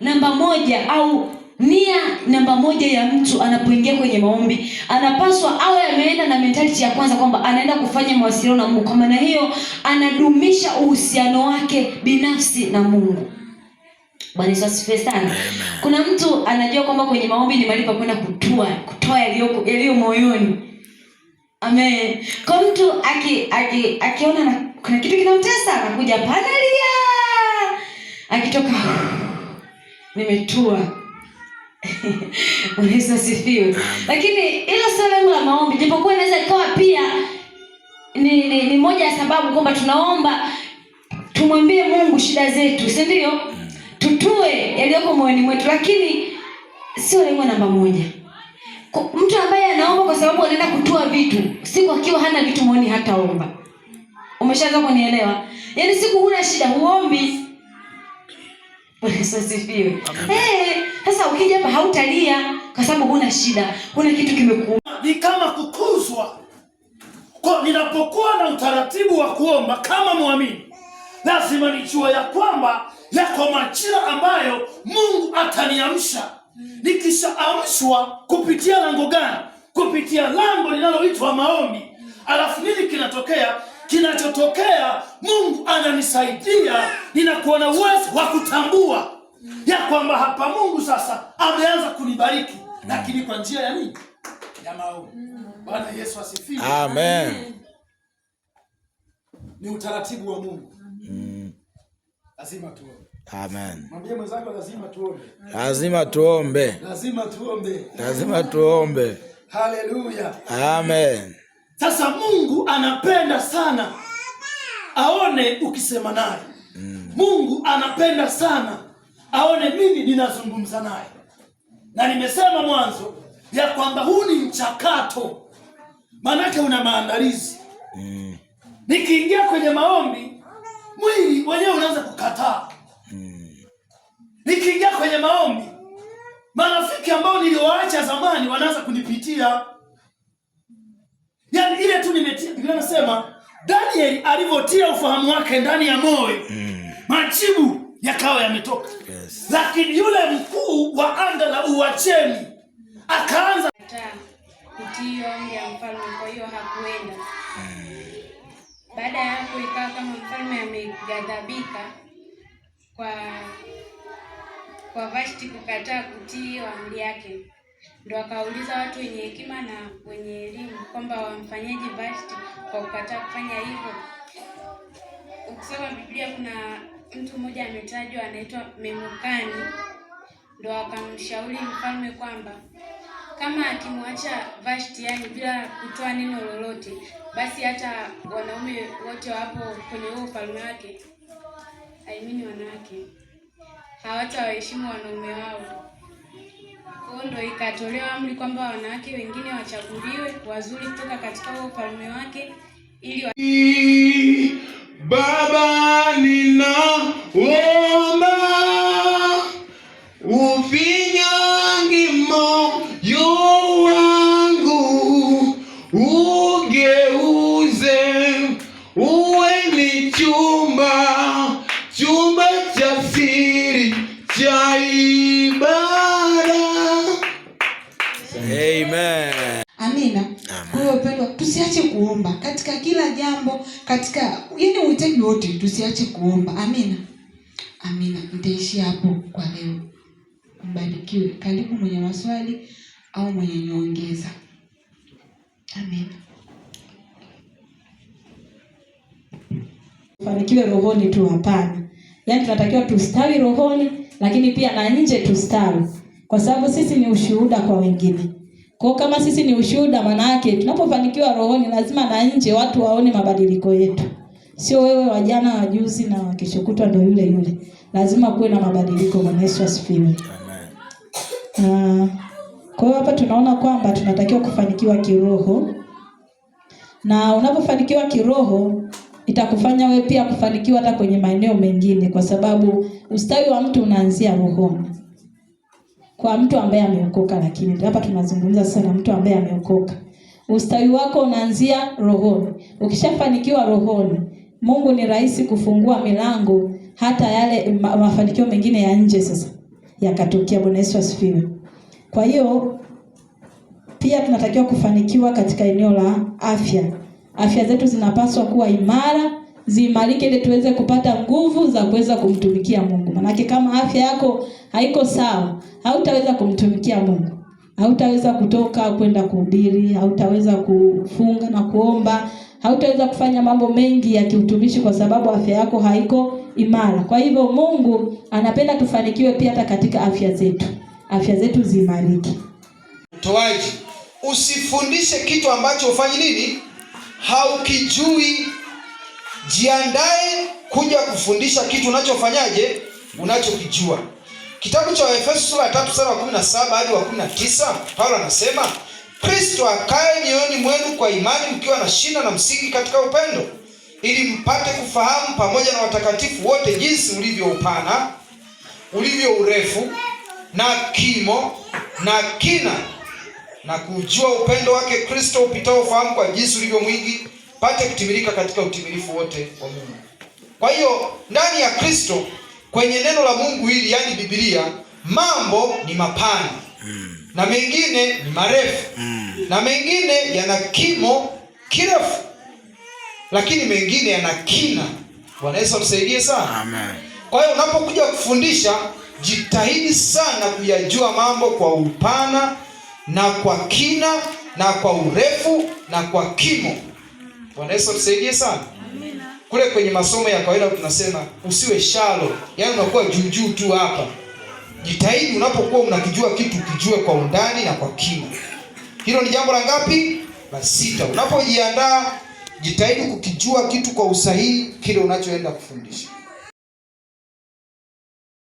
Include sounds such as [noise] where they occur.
namba moja au nia namba moja ya mtu anapoingia kwenye maombi anapaswa awe ameenda na mentality ya kwanza kwamba anaenda kufanya mawasiliano na Mungu. Kwa maana hiyo, anadumisha uhusiano wake binafsi na Mungu. Bwana Yesu asifiwe sana. Kuna mtu anajua kwamba kwenye maombi ni mahali kwenda kutoa kutoa yaliyo moyoni. Amen. Kwa mtu aki, aki, akiona na, kuna kitu kinamtesa anakuja panalia akitoka nimetua. [laughs] Unaweza sifiwe. Lakini sio lengo la maombi, japokuwa inaweza ikawa pia ni, ni, ni moja ya sababu kwamba tunaomba tumwambie Mungu shida zetu, si ndio? Tutue yaliyoko moyoni mwetu, lakini sio lengo namba moja. Mtu ambaye anaomba kwa sababu anaenda kutua vitu, siku akiwa hana vitu moyoni hataomba. Umeshaanza kunielewa? Yaani siku huna shida huombi Eh, sasa ukija hapa hautalia kwa sababu huna shida, huna kitu kimekuuma. Ni kama kukuzwa. Kwa ninapokuwa na utaratibu wa kuomba kama mwamini lazima nijua ya kwamba yako majira ambayo Mungu ataniamsha. Nikishaamshwa kupitia lango gani? Kupitia lango linaloitwa maombi. Alafu nini kinatokea? kinachotokea, Mungu ananisaidia, ninakuwa na uwezo wa kutambua ya kwamba hapa Mungu sasa ameanza kunibariki, lakini kwa njia ya nini? Ya maombi. Bwana Yesu asifiwe. Amen. Ni utaratibu wa Mungu. Mm. Lazima tuombe. Amen. Mwambie mwenzako lazima tuombe. Lazima tuombe. Lazima tuombe. Lazima tuombe. Haleluya. Amen. Sasa Mungu anapenda sana aone ukisema naye mm. Mungu anapenda sana aone mimi ninazungumza naye, na nimesema mwanzo ya kwamba huu ni mchakato, maanake una maandalizi mm. Nikiingia kwenye maombi mwili wenyewe unaanza kukataa mm. Nikiingia kwenye maombi marafiki ambao niliwaacha zamani wanaanza kunipitia yani ile tu nimetia. Biblia inasema Danieli alivyotia ufahamu wake ndani ya moyo mm. majibu yakawa yametoka yes. Lakini yule mkuu wa anga la Uajemi akaanza kutii amri ya mfalme, kwa hiyo hakuenda mm. Baada ya hapo ikawa kama mfalme ameghadhabika kwa kwa Vashti kukataa kutii amri yake Ndo akauliza watu wenye hekima na wenye elimu kwamba wamfanyeje Vashti kwa kukataa kufanya hivyo. Ukisoma Biblia kuna mtu mmoja ametajwa anaitwa Memukani, ndo akamshauri mfalme kwamba kama akimwacha Vashti yani bila kutoa neno lolote, basi hata wanaume wote wapo kwenye huo ufalme wake, aimini wanawake hawata waheshimu wanaume wao hivyo ikatolewa amri kwamba wanawake wengine wachaguliwe wazuri kutoka katika huo ufalme wake ili wa... Baba, ninaomba ufinyange moyo wangu, ugeuze uwe ni chumba chumba cha siri cha tusiache kuomba katika kila jambo, katika yani uhitaji wote tusiache kuomba. Amina, amina. Nitaishia hapo kwa leo. Mbarikiwe. Karibu mwenye maswali au mwenye nyongeza. Amina. farikiwe rohoni tu? Hapana. yani tunatakiwa tustawi rohoni, lakini pia na nje tustawi, kwa sababu sisi ni ushuhuda kwa wengine. Kwa kama sisi ni ushuhuda, manake tunapofanikiwa rohoni lazima na nje watu waone mabadiliko yetu. Sio wewe wajana wajuzi na wakishukutwa ndio yule yule, lazima kuwe na mabadiliko. Bwana Yesu asifiwe. Amen. Ah, kwa hiyo hapa tunaona kwamba tunatakiwa kufanikiwa kiroho, na unapofanikiwa kiroho itakufanya wewe pia kufanikiwa hata kwenye maeneo mengine, kwa sababu ustawi wa mtu unaanzia rohoni kwa mtu ambaye ameokoka. Lakini hapa tunazungumza sasa na mtu ambaye ameokoka. Ustawi wako unaanzia rohoni. Ukishafanikiwa rohoni, Mungu ni rahisi kufungua milango hata yale ma, mafanikio mengine ya nje sasa yakatokea. Bwana Yesu asifiwe. Kwa hiyo pia tunatakiwa kufanikiwa katika eneo la afya. Afya zetu zinapaswa kuwa imara ziimarike, ili tuweze kupata nguvu za kuweza kumtumikia Mungu. Manake kama afya yako haiko sawa, hautaweza kumtumikia Mungu, hautaweza kutoka kwenda kuhubiri, hautaweza kufunga na kuomba, hautaweza kufanya mambo mengi ya kiutumishi kwa sababu afya yako haiko imara. Kwa hivyo Mungu anapenda tufanikiwe pia hata katika afya zetu, afya zetu ziimarike. Mtoaji, usifundishe kitu ambacho ufanyi nini haukijui jiandae kuja kufundisha kitu unachofanyaje, unachokijua. Kitabu cha Waefeso sura ya wa kumi na saba hadi tisa Paulo anasema Kristo akaye mioyoni mwenu kwa imani, mkiwa na shina na msingi katika upendo, ili mpate kufahamu pamoja na watakatifu wote jinsi ulivyo upana, ulivyo urefu na kimo na kina, na kujua upendo wake Kristo upitao ufahamu, kwa jinsi ulivyo mwingi pate kutimilika katika utimilifu wote wa Mungu. Kwa hiyo ndani ya Kristo, kwenye neno la Mungu hili, yani Biblia, mambo ni mapana mm. na mengine ni marefu mm. na mengine yana kimo kirefu, lakini mengine yana kina. Bwana Yesu atusaidie sana Amen. Kwa hiyo unapokuja kufundisha, jitahidi sana kuyajua mambo kwa upana na kwa kina na kwa urefu na kwa kimo Bwana Yesu atusaidie sana. Kule kwenye masomo ya kawaida tunasema usiwe shalo yaani unakuwa juujuu tu hapa. Jitahidi unapokuwa unakijua kitu kijue kwa undani na kwa kina. Hilo ni jambo la ngapi? La sita. Unapojiandaa jitahidi kukijua kitu kwa usahihi kile unachoenda kufundisha.